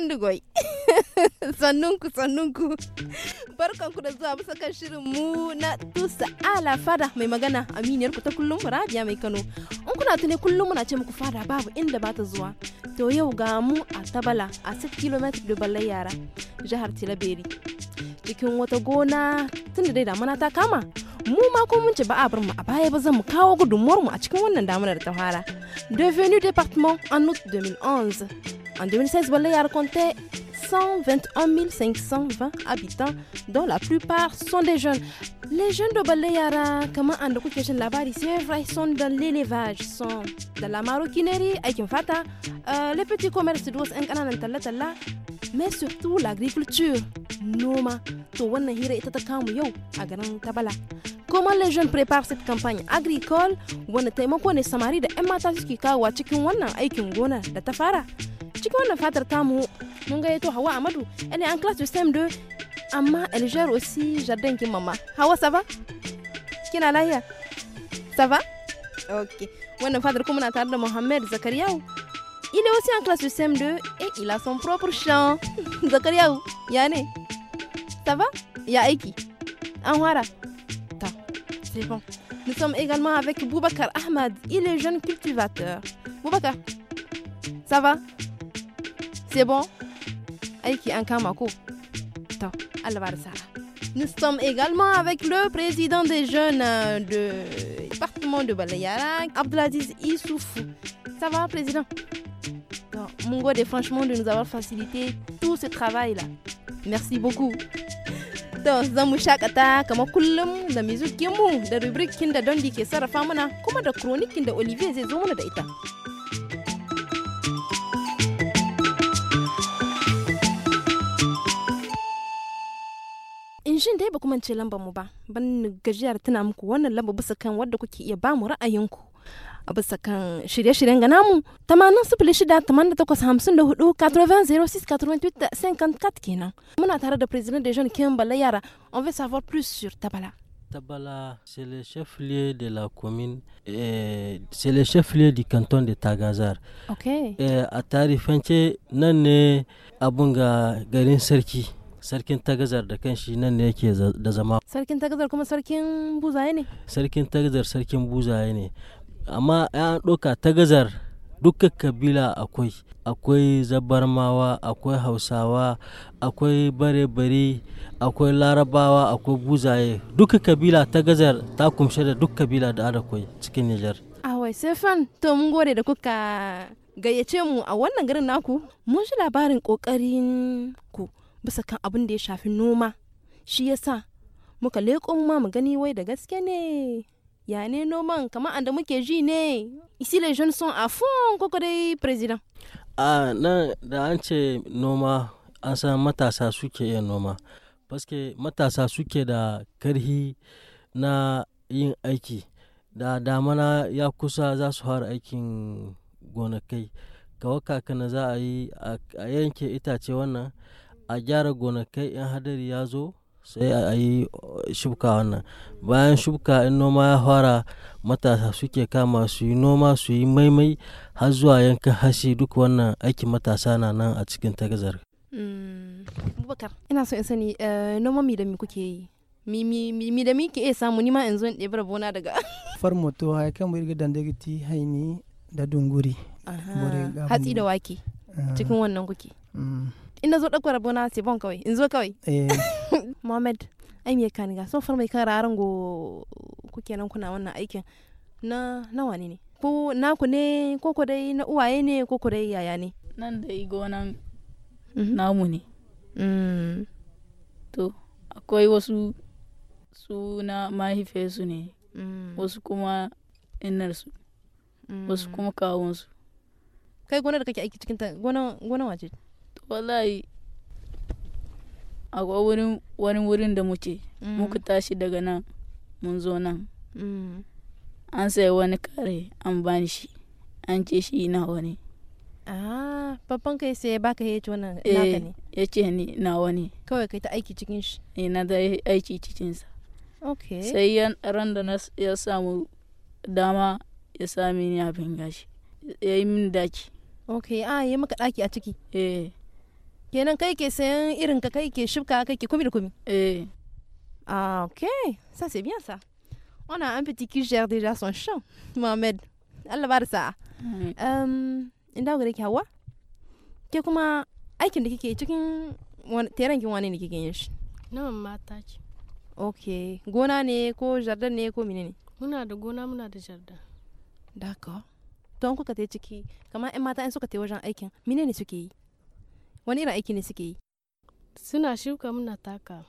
wandugoi sannunku sannunku barkanku da zuwa bisa kan shirin mu na tusa ala fada mai magana aminiyar ku ta kullum rabia mai kano in kuna tune kullum muna ce muku fada babu inda ba ta zuwa to yau ga mu a tabala a 6 km da ballar yara jihar tilaberi cikin wata gona tun da dai damana ta kama mu ma ko mun ci ba a bar mu a baya ba zan mu kawo gudunmuwar mu a cikin wannan damanar ta fara devenu département en août 2011 En 2016, Yara comptait 121 520 habitants, dont la plupart sont des jeunes. Les jeunes de Balayara, comment on dit que là-bas, c'est ils sont dans l'élevage, sont dans la maroquinerie, avec fata, euh, les petits commerces de mais surtout l'agriculture. Noma, to na hira ita ta kamu yo, a Grand Tabala comment les jeunes préparent cette campagne agricole wanda taimako ne samari da 'yan mata suke kawowa cikin wannan aikin gona da ta fara cikin wannan fatar tamu mun yato hawa amadu elle est en classe de cm2 amma elle gère aussi jardin de maman. hawa ça va kina lahiya ça va ok wannan fatar kuma na tare da mohammed zakariyawu il est aussi en classe de cm2 et il a son propre chant zakariyawu ya ne ça va ya aiki an fara c'est bon. Nous sommes également avec Boubacar Ahmad. Il est jeune cultivateur. Boubacar, ça va C'est bon Aiki Ankamako. Nous sommes également avec le président des jeunes euh, de département de Balayara, Abdelaziz Issoufou. Ça va, président Mon goût est franchement de nous avoir facilité tout ce travail-là. Merci beaucoup. Dos zan mu shakata kamar kullum da mai da rubrikin da Dondi ke sarrafa mana kuma da kronikin da Olivier zai zo mana da ita. shin dai ba kuma ce lambar mu ba ban gajiyar tana muku wannan lamba bisa kan wadda kuke iya ba mu ra'ayinku a bisa kan shirye-shiryen ga namu 86-88-54 kenan muna tare da president de jeune kimbala yara on veut savoir plus sur tabala Tabala, c'est le chef-lieu de la commune, eh, c'est le chef-lieu du canton de Tagazar. Ok. Et eh, a tarifance nan ne abunga garin sarki. sarkin tagazar da kan shi nan ne yake da zama sarkin tagazar kuma sarkin buzaye ne sarkin tagazar sarkin buzaye ne amma an ɗauka ta gazar duka kabila akwai akwai zabarmawa akwai hausawa akwai bare-bare akwai larabawa akwai buzaye duka kabila ta gazar ta kumshe da duk kabila da kwai cikin nijar awai stefan to mun gode da kuka gayyace mu a wannan garin naku mun shi labarin kokarin ku bisa kan abin da ya shafi noma shi yasa muka leƙo ma mu gani wai da gaske ne ya ne noman kamar anda muke ji ne isi les jeunes sont à fond koko dai president a na da an ce noma an san matasa suke yin noma paske matasa suke da karhi na yin aiki da damana ya kusa za su fara aikin gonakai na za a yi a yanke itace wannan a gyara gonakai in hadari ya zo sai a yi shubka wannan bayan shubka in noma ya fara matasa suke kama su yi noma su yi maimai har zuwa yankin hashi duk wannan aikin matasa na nan a cikin tagazar mm, abubakar ina so in sani eh, noma mi da mi kuke yi mi da mi ke iya samu nima in zo in ɗebar bona daga farmo to hai kan da dandagiti haini da dunguri hatsi da wake eh. cikin wannan kuke mm. in zo ɗaukar bona sai bon kawai in zo kawai eh. mohammed ai me ka niga sun farmai kan raran go kuke nan kuna wannan aikin na nawa ne ko na ku ne ko ko dai na uwaye ne ko ko dai yaya ne nan dai gonan mhm. namu ne mm. to akwai wasu suna mahaifiyarsu ne mm. wasu kuma innarsu mm. wasu kuma kawunsu kai gona da kake aiki cikin ta gona wace wallahi akwai wani wurin da muke mm. muka tashi daga nan mun zo nan mm. an sai wani kare an bani shi an ce shi na wani ah, babban kai sai baka ya ce wannan eh, naka ne ya ce ni na wani kawai kai ta aiki cikin shi ne eh, na da aiki cikin sa sai yan ran da ya samu dama ya sami ni abin gashi ya yi min daki ok a ah, ya maka daki a ciki eh kenan kai ke sayan irin ka kai ke shibka da eh ah ok ça c'est bien ça on a un petit qui gère déjà son champ Mohamed Allah bar sa um inda gure ki hawa ke kuma aikin da kike cikin teran est wani ne kike yin shi na mata ce ok gona ne ko jardin ne ko menene muna da gona muna da jardin d'accord don kuka ta ciki kamar 'yan mata in suka ta wajen aikin menene suke yi wani irin aiki ne suke yi suna shuka muna taka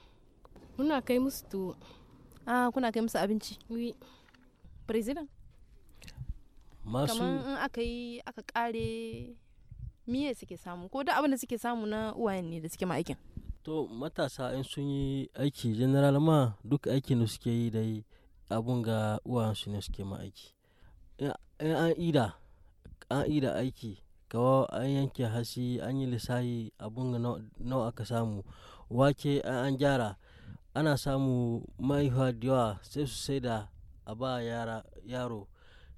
muna kai musu tuwo ah kuna kai musu abinci oui president masu kamar in aka yi aka kare miye suke samu ko da abin da suke samu na uwayen ne da suke ma aikin to matasa in sun yi aiki general ma duk aikin da suke yi dai abun ga uwayen su ne suke ma aiki in an ida an ida aiki kawo an yanke hasi an yi lissahi abun nawa aka samu wake an gyara ana samu mahaifa da yawa sai su sai da a ba yaro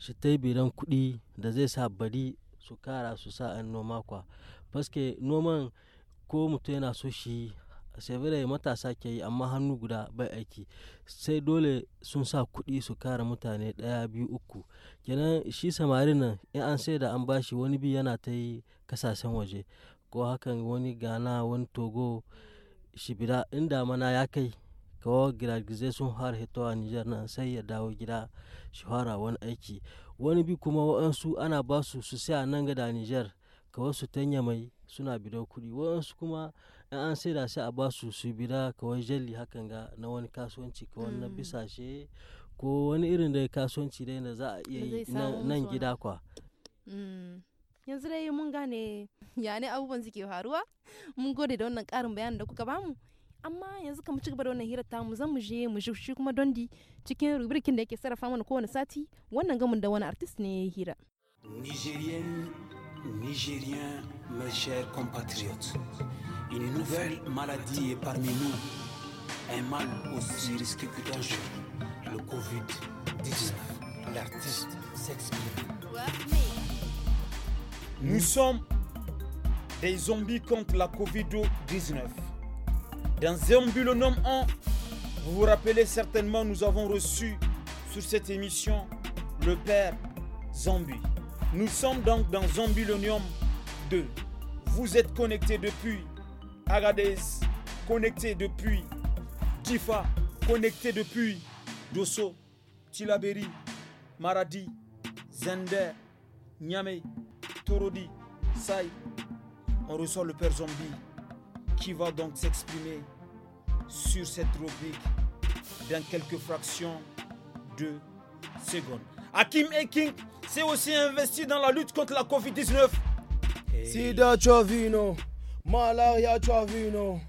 shi ta yi kuɗi da zai sa bari su kara su sa an noma kwa paske noman ko mutum yana so shi dai matasa ke yi amma hannu guda bai aiki sai dole sun sa kuɗi su kara mutane ɗaya biyu uku kenan shi samarin nan in an sai da an bashi wani bi yana ta yi kasashen waje ko hakan wani ghana wani togo shibira in damana ya kai kawo giragizai sun har hitowa nijar nan sai ya dawo gida shi fara wani aiki wani bi kuma wa'ansu ana basu su sai a nan gada nijar kawo su tanya mai suna bidon kuɗi wa'ansu kuma in an da sai a ba su su bira kawai jali hakan ga na wani kasuwanci ko wani mm. bisashe ko wani irin da kasuwanci dai da za a iya yi nan gida kwa mm. yanzu dai mun gane ya ne abubuwan suke faruwa mun gode da wannan karin bayanin da kuka bamu amma yanzu kamar ci gaba da wannan hirar tamu zan mu je mu shi kuma dondi cikin rubrikin da yake sarrafa mana kowane sati wannan gamin da wani artist ne ya hira Nigerian Nigerian, mes chers compatriotes. Une nouvelle maladie est parmi nous. Un mal aussi risqué que dangereux. Le Covid-19. L'artiste s'exprime. Nous sommes des zombies contre la Covid-19. Dans Zombie 1, vous vous rappelez certainement, nous avons reçu sur cette émission le père Zombie. Nous sommes donc dans Zombie 2. Vous êtes connectés depuis Agadez, connecté depuis Tifa, connecté depuis Dosso, Tilaberi, Maradi, Zender, Niamey, Torodi, Sai. On reçoit le père Zombie qui va donc s'exprimer sur cette rubrique dans quelques fractions de secondes. Hakim Eking s'est aussi investi dans la lutte contre la Covid-19. Sida Jovino. Malaria, tu as vu, non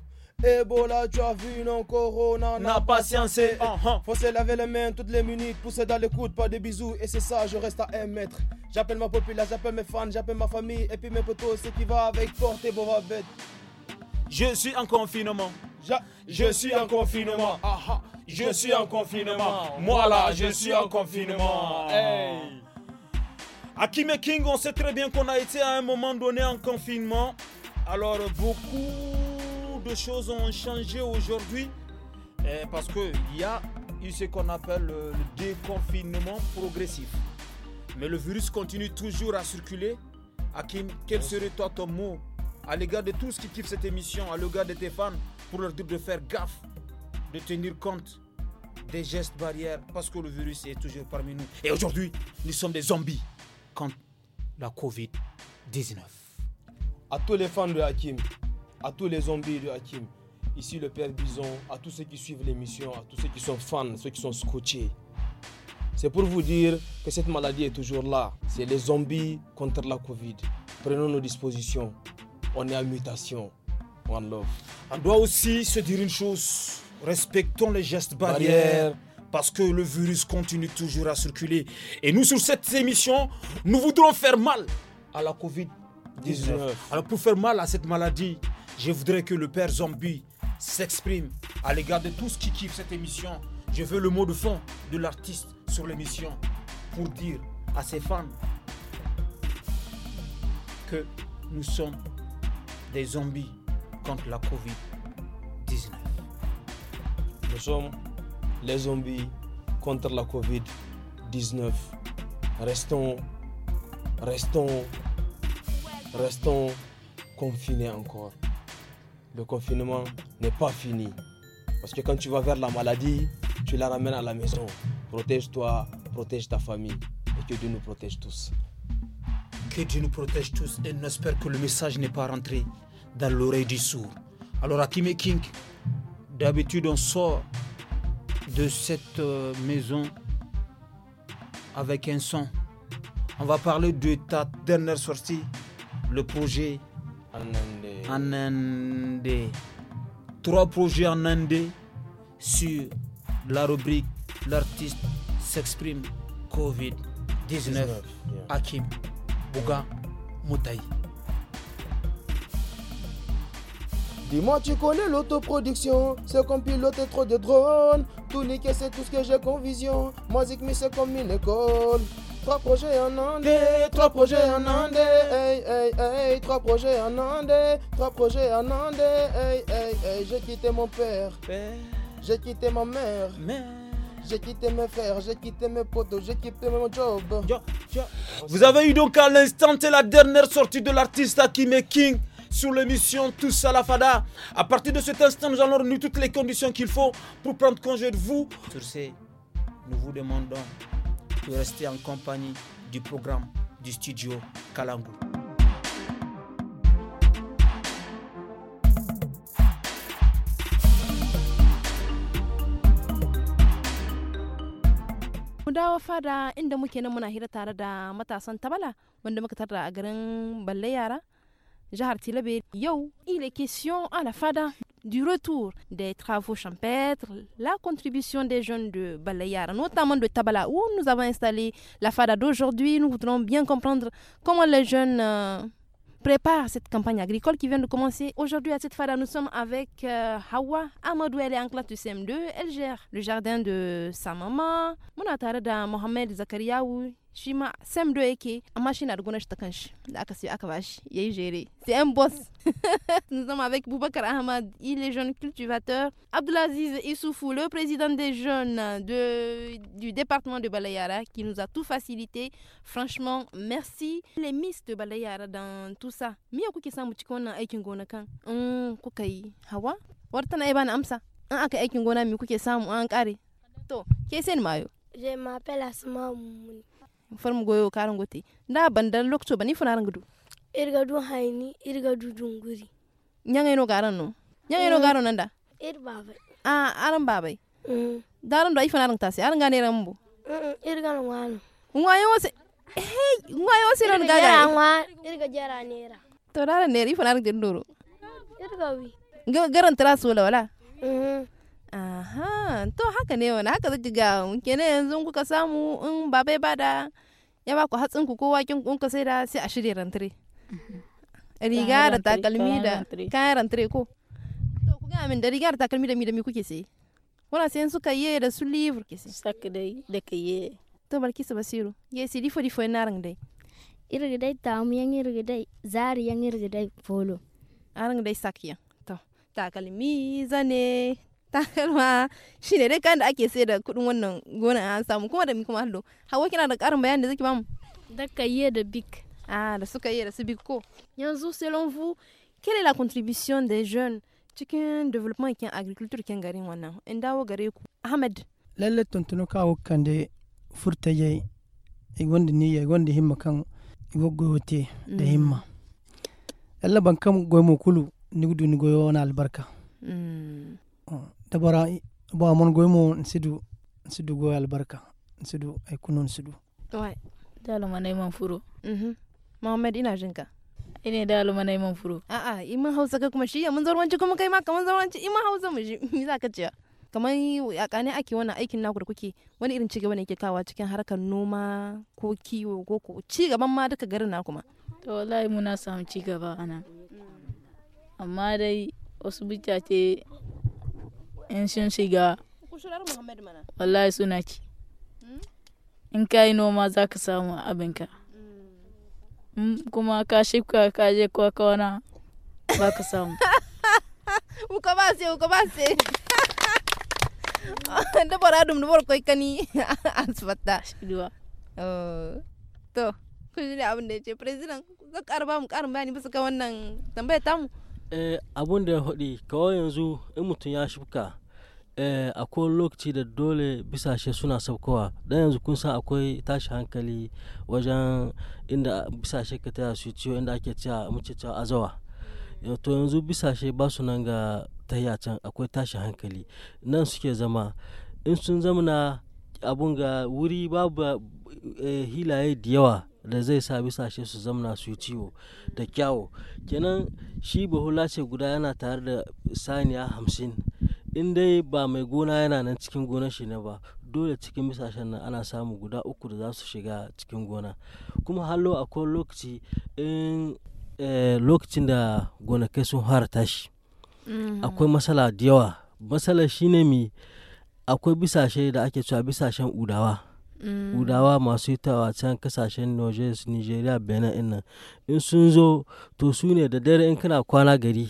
Ebola, tu as vu, non Corona, n'a pas science ah, ah. Faut se laver les mains toutes les minutes, pousser dans les coudes, pas de bisous. Et c'est ça, je reste à un mètre. J'appelle ma populace, j'appelle mes fans, j'appelle ma famille. Et puis mes potos, c'est qui va avec portez vos bête. Je suis en confinement. je suis en confinement. Ah, je suis en confinement. Moi là, je suis en confinement. Hey. et King, on sait très bien qu'on a été à un moment donné en confinement. Alors beaucoup de choses ont changé aujourd'hui eh, parce qu'il y a ce qu'on appelle le déconfinement progressif. Mais le virus continue toujours à circuler. Hakim, quel serait toi ton mot à l'égard de tous qui kiffent cette émission, à l'égard de tes fans, pour leur dire de faire gaffe, de tenir compte des gestes barrières, parce que le virus est toujours parmi nous. Et aujourd'hui, nous sommes des zombies contre la COVID-19 à tous les fans de Hakim, à tous les zombies de Hakim, ici le Père Bison, à tous ceux qui suivent l'émission, à tous ceux qui sont fans, ceux qui sont scotchés. C'est pour vous dire que cette maladie est toujours là. C'est les zombies contre la Covid. Prenons nos dispositions. On est à mutation. One love. On doit aussi se dire une chose. Respectons les gestes barrières. parce que le virus continue toujours à circuler. Et nous, sur cette émission, nous voudrons faire mal à la Covid alors pour faire mal à cette maladie, je voudrais que le père Zombie s'exprime à l'égard de tous qui kiffent cette émission. Je veux le mot de fond de l'artiste sur l'émission pour dire à ses fans que nous sommes des zombies contre la Covid-19. Nous sommes les zombies contre la Covid-19. Restons, restons restons confinés encore. Le confinement n'est pas fini. Parce que quand tu vas vers la maladie, tu la ramènes à la maison. Protège-toi, protège ta famille et que Dieu nous protège tous. Que Dieu nous protège tous et on que le message n'est pas rentré dans l'oreille du sourd. Alors Akime King, d'habitude on sort de cette euh, maison avec un son. On va parler de ta dernière sortie le projet Anandé. Trois projets en Anandé sur la rubrique L'artiste s'exprime Covid-19. Akim Hakim Bouga Moutaï. Dis-moi, tu connais l'autoproduction, c'est comme piloter trop de drones. Tout niquer, c'est tout ce que j'ai comme vision. Moi, Zikmi, c'est comme une école. Trois projets en Andé, trois projets en Andé, hey, hey, trois projets en Andé, trois projets en Andé, hey, hey, j'ai quitté mon père, j'ai quitté ma mère, j'ai quitté mes frères, j'ai quitté mes potos, j'ai quitté mon job. Vous avez eu donc à l'instant la dernière sortie de l'artiste Akime King sur l'émission Tous à la Fada. À partir de cet instant, nous allons réunir toutes les conditions qu'il faut pour prendre congé de vous. Sur ce, nous vous demandons pour rester en compagnie du programme du studio Kalangu. dawo fada inda muke nan muna hira tare da matasan tabala wanda muka tarda a garin balle yara jihar tilabe yau il est question à la fada du retour des travaux champêtres, la contribution des jeunes de Balayara, notamment de Tabala, où nous avons installé la FADA d'aujourd'hui. Nous voudrons bien comprendre comment les jeunes euh, préparent cette campagne agricole qui vient de commencer. Aujourd'hui, à cette FADA, nous sommes avec euh, Hawa Amadou. Elle est en classe CM2. Elle gère le jardin de sa maman. Mohamed Zakariaou shi ma sam do yake amma shi na da shi ta kanshi da aka sai aka bashi yayi jere c'est en boss nous sommes avec Boubacar Ahmad il est jeune cultivateur Abdelaziz Issoufou le président des jeunes de, du département de Balayara qui nous a tout facilité franchement merci les miss de Balayara dans tout ça mi miya kuke samu cikin wannan aikin gona kan um kuka yi hawa warta na bani amsa in aka aikin gona me kuke samu an kare to ke sen mayo je m'appelle Asma form goyo karan gote da bandan lokto bani funa rangudu irga du hayni irga du dunguri nyanga no garan no nyanga no garan nanda eh, ir babai ah aran babai daran do ifana ran tasi aran gane rambo irga no ngano ngwayo wase hey ngwayo wase ran gaga ngwa irga jara nera to dara nera ifana ran dindoro irga wi garan tras wala wala mm-hmm. aha to haka ne wani haka zaki ga kenan yanzu kuka samu in babai bada ya ba ku hatsin ku kowa kin kun ka sai da sai a shirya rantare riga da takalmi da kayan rantare ko to ku ga min da riga da takalmi da mi da mi kuke sai wala sai suka kaye da su livre ke sai sak dai da kaye to barki su basiru ye si difo difo rang dai dai tamu yan dai, zari yan dai folo arang dai sakya to takalmi zane takalma shi ne dai kayan da ake sai da kuɗin wannan gona an samu kuma da mi kuma hallo hawa kina da ƙarin bayani da zaki bamu da kayye da big ah da su kayye da su big ko yanzu selon vous quelle est la contribution des jeunes cikin development kin agriculture kin garin wannan in dawo gare ku ahmed lalle tuntuno kawo kan da furta i wanda ni yayi wanda himma kan gogote da mm. himma lalle ban kan goyo kulu ni gudu ni goyo wani albarka mm. oh. tabara ba mun goy mo sidu nsidu goy albarka nsidu ay kuno nsidu ouais dalu manay man furo mhm mohammed ina jinka ine dalu ma na iman a ah, a'a ah, iman hausa ka kuma shi ya mun zarwanci kuma kai ma kaman zarwanci iman hausa mu shi mi za ka ce kamar a kane ake wannan aikin naku da kuke wani irin cigaba ne yake kawa cikin harkar noma ko kiwo ko ko ci gaban ma duka garin na kuma to wallahi muna samu ci gaba ana amma dai wasu bicace in shin shiga wallahi suna ki hmm? in ka yi noma za ka samu abinka hmm, kuma ka shifka ka je kuwa kwakwana ba ka samu wuka ba se wuka ba se da bara dum da barkoi kani asbatta shiduwa oh. to kun ji abin da yace president zan karba mu karin bayani bisa ga wannan tambayar tamu Eh, abun da ya faɗi kawai yanzu in mutum ya shuka, eh, akwai lokaci da dole bisashe suna saukowa. Dan yanzu kun san akwai tashi hankali wajen inda bisa shi ka taya su ciwo inda ake cewa muke cewa azawa. Eh, to yanzu bisashe ba su nan ga tahiya can akwai tashi hankali. Nan suke zama. In sun zama na abun ga wuri babu, eh, hilaye da yawa da zai sa bisashe su zamna su yi ciwo da kyawo kenan shi bahulace guda yana tare da saniya hamsin in dai ba mai gona yana nan cikin gonar shi ne ba dole cikin bisashen nan ana samu guda uku da za su shiga cikin gona kuma hallo akwai lokaci in eh, lokacin da gonakai sun fara tashi mm-hmm. akwai matsala da yawa matsalar shine mi akwai bisashe da ake cewa bisashen udawa Gudawa mm. masu hitawa can kasashen Niger, Nigeria, Benin ɗin in sun zo to su ne da dare in kana kwana gari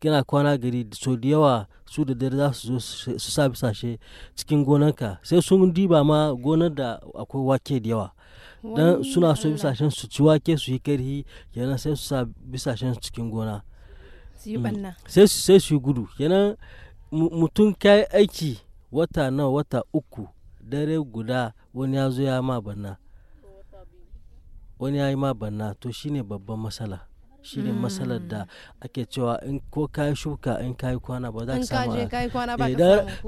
kana kwana gari so da yawa su da dare za su zo su sa bisashe cikin gonanka sai sun diba ma gonar da akwai wake da yawa dan suna so bisashen su ci wake su yi karhi yana sai su sa bisashen cikin gona mm. sai su yi gudu yana mutum kai aiki wata nawa wata uku dare guda wani ya zo ya ma banna wani ya yi ma banna to shine babban matsala shine ne hmm. matsalar da ake cewa in ko ka shuka in ka yi kwana ba za ka samu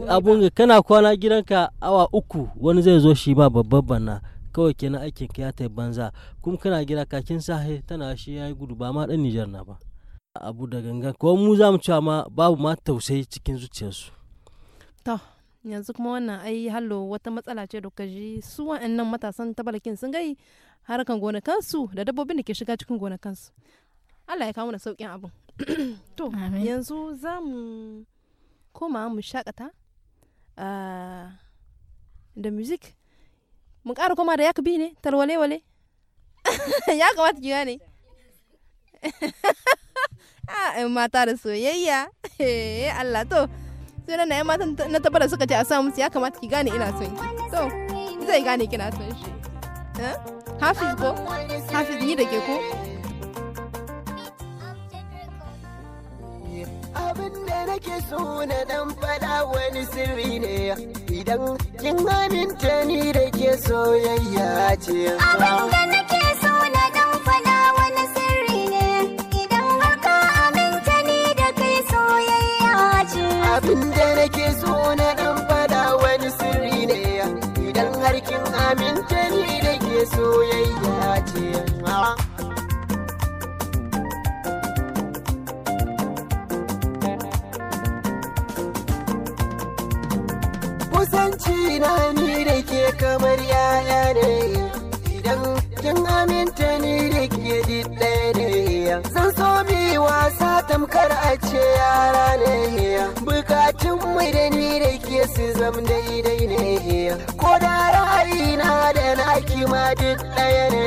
abun kana kwana gidanka awa uku wani zai zo shi ba babban banna kawai kenan aikin ka ya ta banza kuma kana gida kakin sahe tana shi ya yi gudu ba ma dan nijar na ba abu da ganga ko mu za mu cewa ma babu ma tausayi cikin zuciyarsu yanzu kuma wannan ai hallo wata matsala ce da ji su wa'annan matasan tabalakin sun gai harkan gonakansu da dabbobin da ke shiga cikin gonakansu Allah ya kawo mana sauƙin abin to yanzu za mu koma mu shakata ah, da music mu ƙara koma da yakubi ne talwale-wale ya kamata ki gane mata da soyayya Allah to sai na matan na tabbata suka ce a sa musu ya kamata ki gane ina son ki to zai gane kina son shi eh? hafiz ko hafiz ni da ke ko abin da nake so na dan fada wani sirri ne idan kin aminta ni da ke soyayya ce abin da nake da nake so na dan fada wani sirri ne idan har kin amince ni da ke soyayya ce kusanci na ni da ke kamar yaya ne idan kin aminta ni da ke ɗaya ne wasa tamkar a ce yara ne bukatun mu da ni da ke su zam daidai ne ko da ra'ayina da naki ma duk ɗaya ne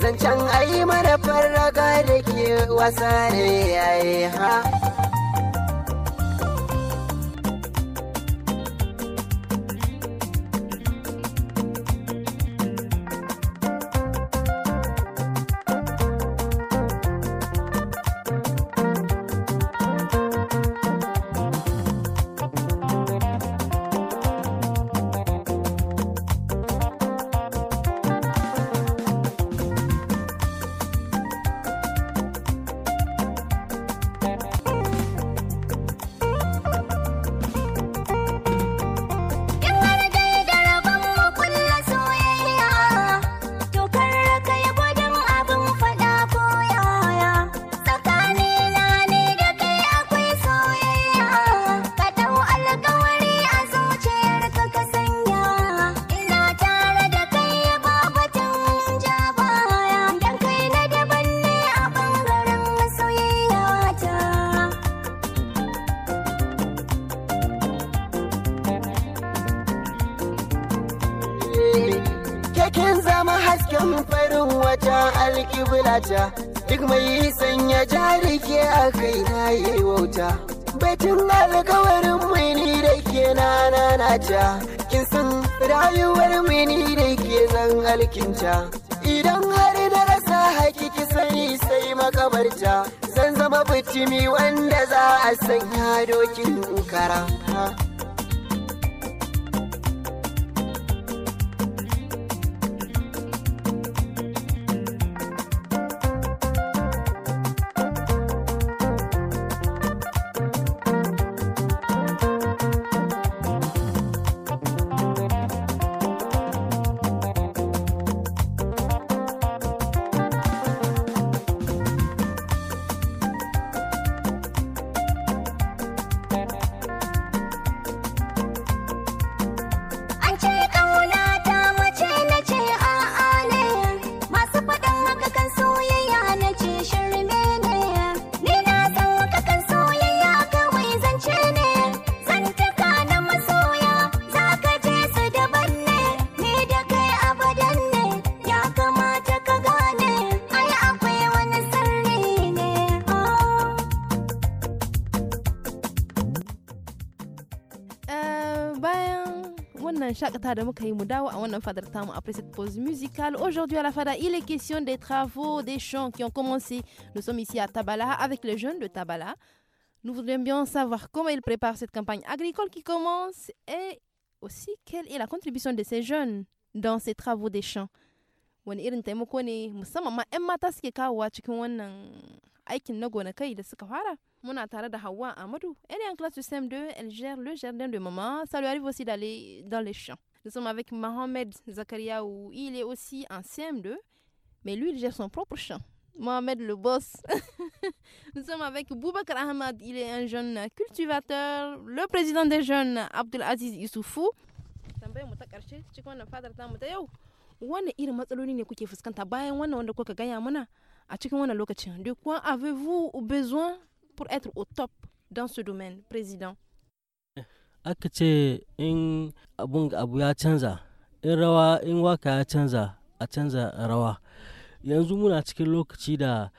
zancen ai mana farraga da ke wasa ne ha alkinta kin san rayuwar mini da ke zan alkinta idan har na rasa ki sani sai makabarta zan zama bitimi wanda za a sanya dokin kara après cette pause musicale. Aujourd'hui à la Fada, il est question des travaux des champs qui ont commencé. Nous sommes ici à Tabala avec les jeunes de Tabala. Nous voudrions bien savoir comment ils préparent cette campagne agricole qui commence et aussi quelle est la contribution de ces jeunes dans ces travaux des champs wani ne ma 'yan mata suke cikin wannan na da suka fara muna tare da elle est en classe de CM2 elle gère le jardin de maman ça lui arrive aussi d'aller dans les champs nous sommes avec Mohamed Zakaria où il est aussi en CM2 mais lui il gère son propre champ Mohamed le boss. Nous sommes avec Boubacar Ahmad, il est un jeune cultivateur, le président des jeunes Abdelaziz Issoufou. wani irin matsaloli ne kuke fuskanta bayan wannan wanda kuka gaya mana a cikin wannan lokacin de quoi avez-vous besoin pour être au top dans ce domaine président aka ce in abun abu ya canza in rawa in waka ya canza a canza rawa yanzu muna cikin lokaci da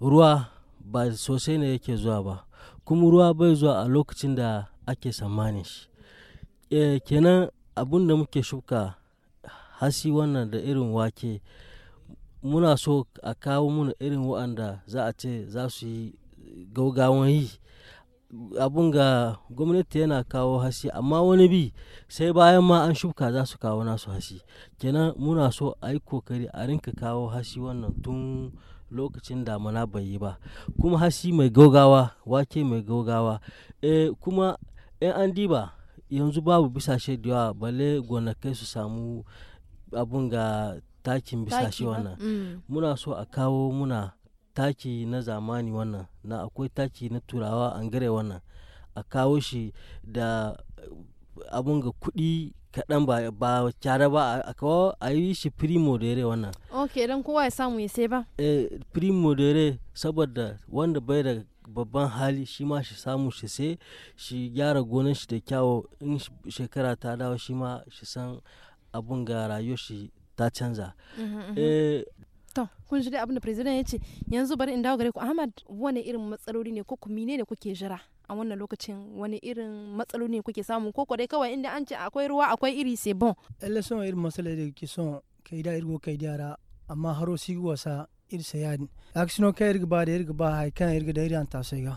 ruwa ba sosai ne yake zuwa ba kuma ruwa bai zuwa a lokacin da ake tsammanin shi eh, kenan abun da muke shuka hasi wannan da irin wake muna so a kawo muna irin wa'anda za a ce za su yi gaugawan yi abun ga gwamnati yana kawo hasi amma wani bi sai bayan ma an shuka za su kawo nasu hasi kenan muna so a yi kokari a rinka kawo hasi wannan tun lokacin damana bai yi ba kuma hasi mai gaugawa wake mai gaugawa e, kuma 'yan an diba yanzu babu bisashe da yawa balle gonakai su samu abun ga takin bisashe wannan mm. muna so a kawo muna taki na zamani wannan na akwai taki na turawa an gare wannan a kawo shi da abun ga kuɗi kaɗan ba ba cara ba a kawo a yi shi primo yare wannan ok don kowa ya samu ya sai ba eh primo yare saboda wanda bai da babban hali shi ma shi samu shi sai shi gyara gonan shi da kyawo in shekara ta dawo shi ma shi san abun ga rayuwarshi ta canza mhm, mhm. Eh, to kun shi abin da president ya ce yanzu bari in dawo gare ku ahmad wani irin matsaloli ne ko ku mine ne kuke jira a wannan lokacin wani irin matsaloli ne kuke samu ko kwadai kawai inda an ce akwai ruwa akwai iri sai bon lalle son irin matsaloli da kuke son kai da irgo kai yara amma haro si wasa irsa yadin aksino kai irga ba da irga ba hay kan irga da sai ga.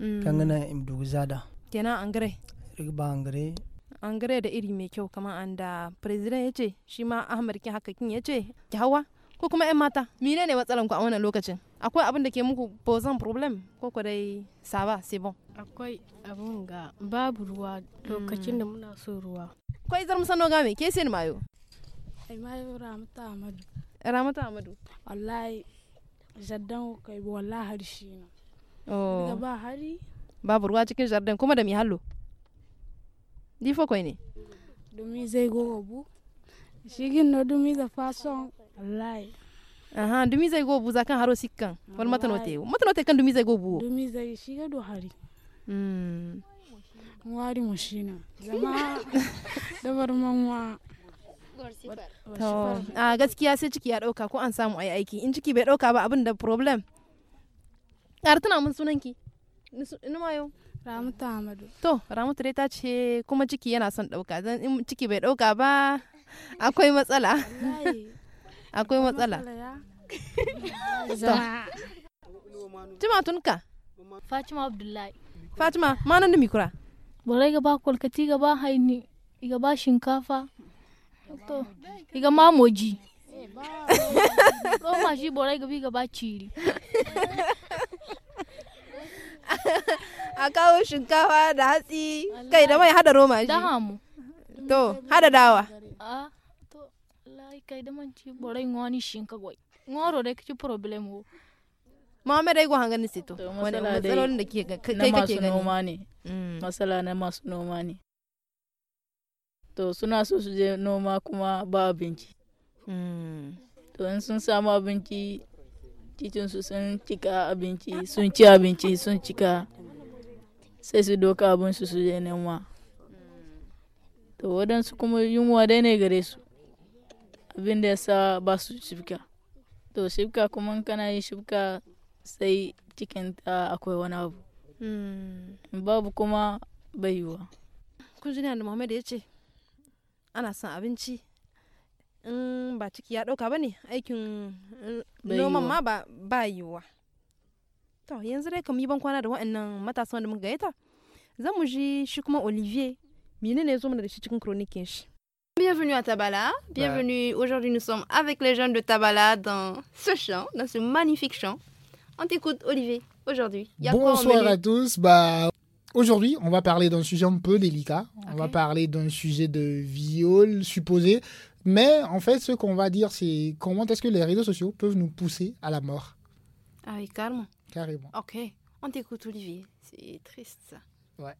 Mm. kan gana im dugu zada kenan an gare irga ba an gare an gare da iri mai kyau kamar an da president ya ce shi ma ahmad kin haka kin ya ce ki hawa ko kuma yan mata mine ne matsalan ku a wannan lokacin akwai abin da ke muku bozan problem ko ku dai saba sai bon akwai abin ga babu ruwa lokacin da mm. muna so ruwa ko izar musano game ke sai mayo ai mayo ramata amadu ramata amadu wallahi jaddan kai wallahi harshe ne. oh ba hari babu ruwa cikin jardin kuma da mi hallo di fo koyne dumi go gogo bu shigi no dumi da fason wallahi aha dumi zey gogo bu zakan haro sikkan wal matano te matano te kan dumi zey gogo bu dumi zey shiga do hari mm wari mushina zama zama dabar manwa to a gaskiya sai ciki ya dauka ko an samu ai aiki in ciki bai dauka ba abin da problem ƙar tana mun sunanki ina ma yau Ramuta Ahmadu. To, Ramuta dai ta ce kuma ciki yana son ɗauka, zan in ciki bai ɗauka ba akwai matsala. Akwai matsala. Jima tunka. Fatima Abdullahi. Fatima, nan da mikura. Bore gaba kwalkati gaba haini, gaba shinkafa. To, iga mamoji. Roma shi borai gabi gaba ciri. a kawo shinkafa da hatsi kai da mai hada roma shi to hada dawa a to lai kai da manci borai ngoni shinka goi ngoro da kici problem wo dai go hanga ni sito wani matsalolin da ke kai kake gani noma ne mm. masala na masu noma ne to suna so su je noma kuma ba abinci mm. to in sun samu abinci cikin su sun cika abinci sun ci abinci sun cika sai su doka abin su su je nema to waɗansu kuma yunwa dai ne gare su abin da ya sa ba su shifka to shifka kuma kana yi shifka sai cikin ta akwai wani abu hmm. babu kuma bai yiwa kun da muhammad ya ce ana son abinci in ba ciki ya ɗauka ba ne aikin noman ma ba yiwa Bienvenue à Tabala. Bah. Bienvenue. Aujourd'hui, nous sommes avec les jeunes de Tabala dans ce champ, dans ce magnifique champ. On t'écoute, Olivier, aujourd'hui. Bonsoir à tous. Bah, aujourd'hui, on va parler d'un sujet un peu délicat. On va parler d'un sujet de viol supposé. Mais en fait, ce qu'on va dire, c'est comment est-ce que les réseaux sociaux peuvent nous pousser à la mort. Avec ah oui, Carrément. Ok, on t'écoute Olivier, c'est triste ça. Ouais.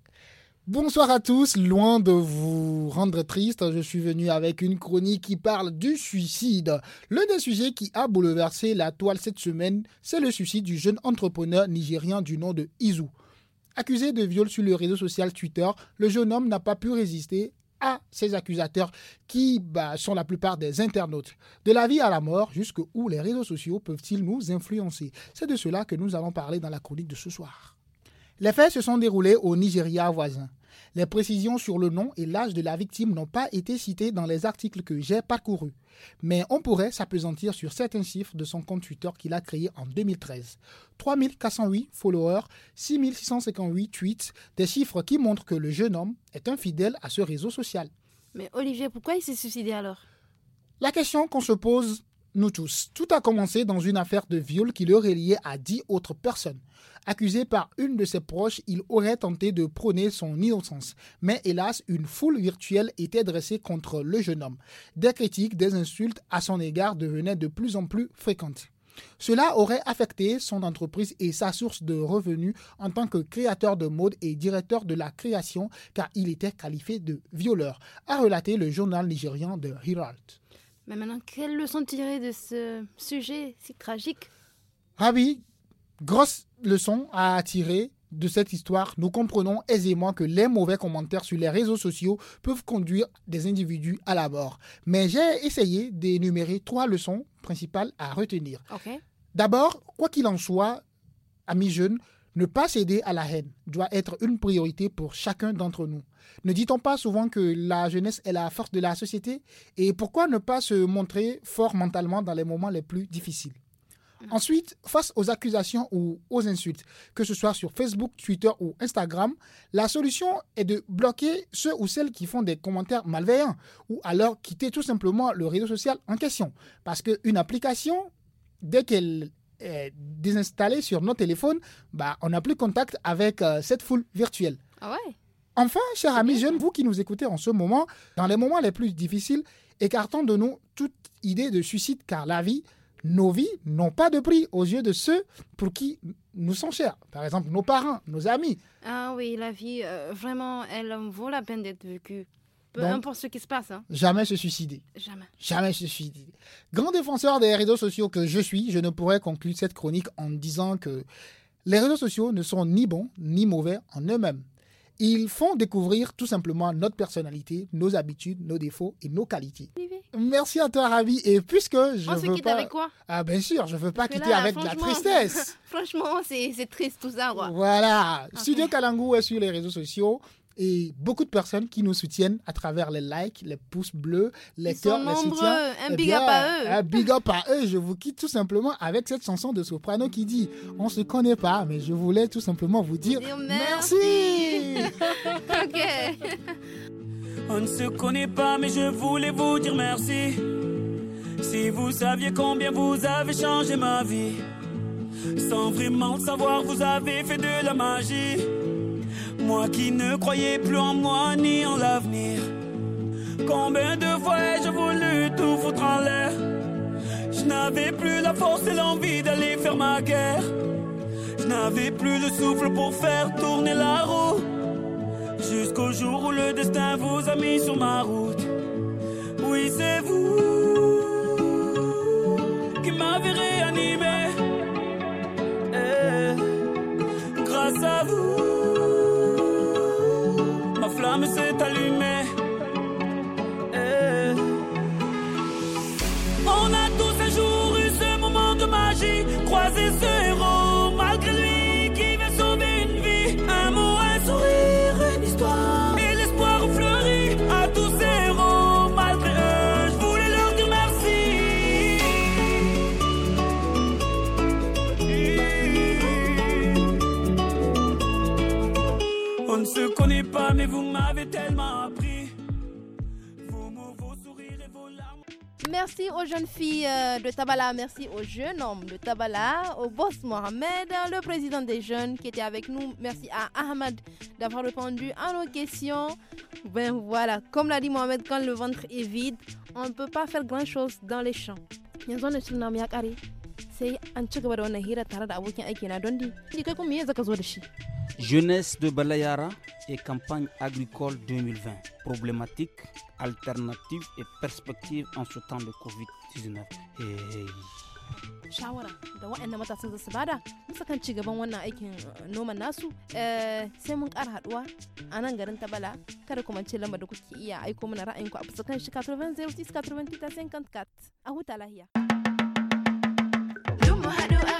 Bonsoir à tous, loin de vous rendre triste, je suis venu avec une chronique qui parle du suicide. L'un des sujets qui a bouleversé la toile cette semaine, c'est le suicide du jeune entrepreneur nigérien du nom de Izu. Accusé de viol sur le réseau social Twitter, le jeune homme n'a pas pu résister à ces accusateurs qui bah, sont la plupart des internautes. De la vie à la mort, jusqu'où les réseaux sociaux peuvent-ils nous influencer C'est de cela que nous allons parler dans la chronique de ce soir. Les faits se sont déroulés au Nigeria voisin. Les précisions sur le nom et l'âge de la victime n'ont pas été citées dans les articles que j'ai parcourus, mais on pourrait s'apesantir sur certains chiffres de son compte Twitter qu'il a créé en 2013. 3408 followers, 6658 tweets, des chiffres qui montrent que le jeune homme est infidèle à ce réseau social. Mais Olivier, pourquoi il s'est suicidé alors La question qu'on se pose nous tous. Tout a commencé dans une affaire de viol qui le reliait à dix autres personnes. Accusé par une de ses proches, il aurait tenté de prôner son innocence. Mais hélas, une foule virtuelle était dressée contre le jeune homme. Des critiques, des insultes à son égard devenaient de plus en plus fréquentes. Cela aurait affecté son entreprise et sa source de revenus en tant que créateur de mode et directeur de la création car il était qualifié de violeur, a relaté le journal nigérian de Herald. Mais maintenant, quelle leçon tirer de ce sujet si tragique Ah oui, grosse leçon à tirer de cette histoire, nous comprenons aisément que les mauvais commentaires sur les réseaux sociaux peuvent conduire des individus à la mort. Mais j'ai essayé d'énumérer trois leçons principales à retenir. D'abord, quoi qu'il en soit, amis jeunes, ne pas céder à la haine doit être une priorité pour chacun d'entre nous. Ne dit-on pas souvent que la jeunesse est la force de la société Et pourquoi ne pas se montrer fort mentalement dans les moments les plus difficiles mm. Ensuite, face aux accusations ou aux insultes, que ce soit sur Facebook, Twitter ou Instagram, la solution est de bloquer ceux ou celles qui font des commentaires malveillants ou alors quitter tout simplement le réseau social en question. Parce qu'une application, dès qu'elle et euh, sur nos téléphones, bah, on n'a plus contact avec euh, cette foule virtuelle. Ah enfin, chers amis jeunes, vous qui nous écoutez en ce moment, dans les moments les plus difficiles, écartons de nous toute idée de suicide, car la vie, nos vies n'ont pas de prix aux yeux de ceux pour qui nous sont chers. Par exemple, nos parents, nos amis. Ah oui, la vie, euh, vraiment, elle vaut la peine d'être vécue. Peu importe ce qui se passe. Hein. Jamais se suicider. Jamais. Jamais se suicider. Grand défenseur des réseaux sociaux que je suis, je ne pourrais conclure cette chronique en disant que les réseaux sociaux ne sont ni bons ni mauvais en eux-mêmes. Ils font découvrir tout simplement notre personnalité, nos habitudes, nos défauts et nos qualités. Merci à toi, Ravi. Et puisque je on veux se quitte pas... avec quoi Ah bien sûr, je veux pas quitter avec de la tristesse. franchement, c'est triste tout ça. Voilà. Studio Kalangu est sur les réseaux sociaux et beaucoup de personnes qui nous soutiennent à travers les likes, les pouces bleus, les cœurs, les soutiens. Un eh big up à eux. Un big up à eux. Je vous quitte tout simplement avec cette chanson de soprano qui dit On se connaît pas, mais je voulais tout simplement vous dire, merci. On ne se connaît pas, mais je voulais vous dire merci. Si vous saviez combien vous avez changé ma vie, sans vraiment savoir, vous avez fait de la magie. Moi qui ne croyais plus en moi ni en l'avenir. Combien de fois ai-je voulu tout foutre en l'air Je n'avais plus la force et l'envie d'aller faire ma guerre. Je n'avais plus le souffle pour faire tourner la roue. Jusqu'au jour où le destin vous a mis sur ma route. Oui, c'est vous qui m'avez réanimé. Merci aux jeunes filles euh, de Tabala, merci aux jeunes hommes de Tabala, au boss Mohamed, le président des jeunes qui était avec nous. Merci à Ahmad d'avoir répondu à nos questions. Ben voilà, comme l'a dit Mohamed, quand le ventre est vide, on ne peut pas faire grand-chose dans les champs. an da wannan tare da abokin Jeunesse de Balayara et campagne agricole 2020. Problématiques, alternatives et perspectives en ce temps de Covid-19. Hey. shawara da waɗanda matasan za su bada musu kan ci gaban wannan aikin eh, noman nasu eh, sai mun ƙara haɗuwa a nan garin tabala kada kuma ce lambar da kuke iya aiko mana ra'ayinku a fusakan shi 80 06 80 a huta lahiya. Dun mu haɗu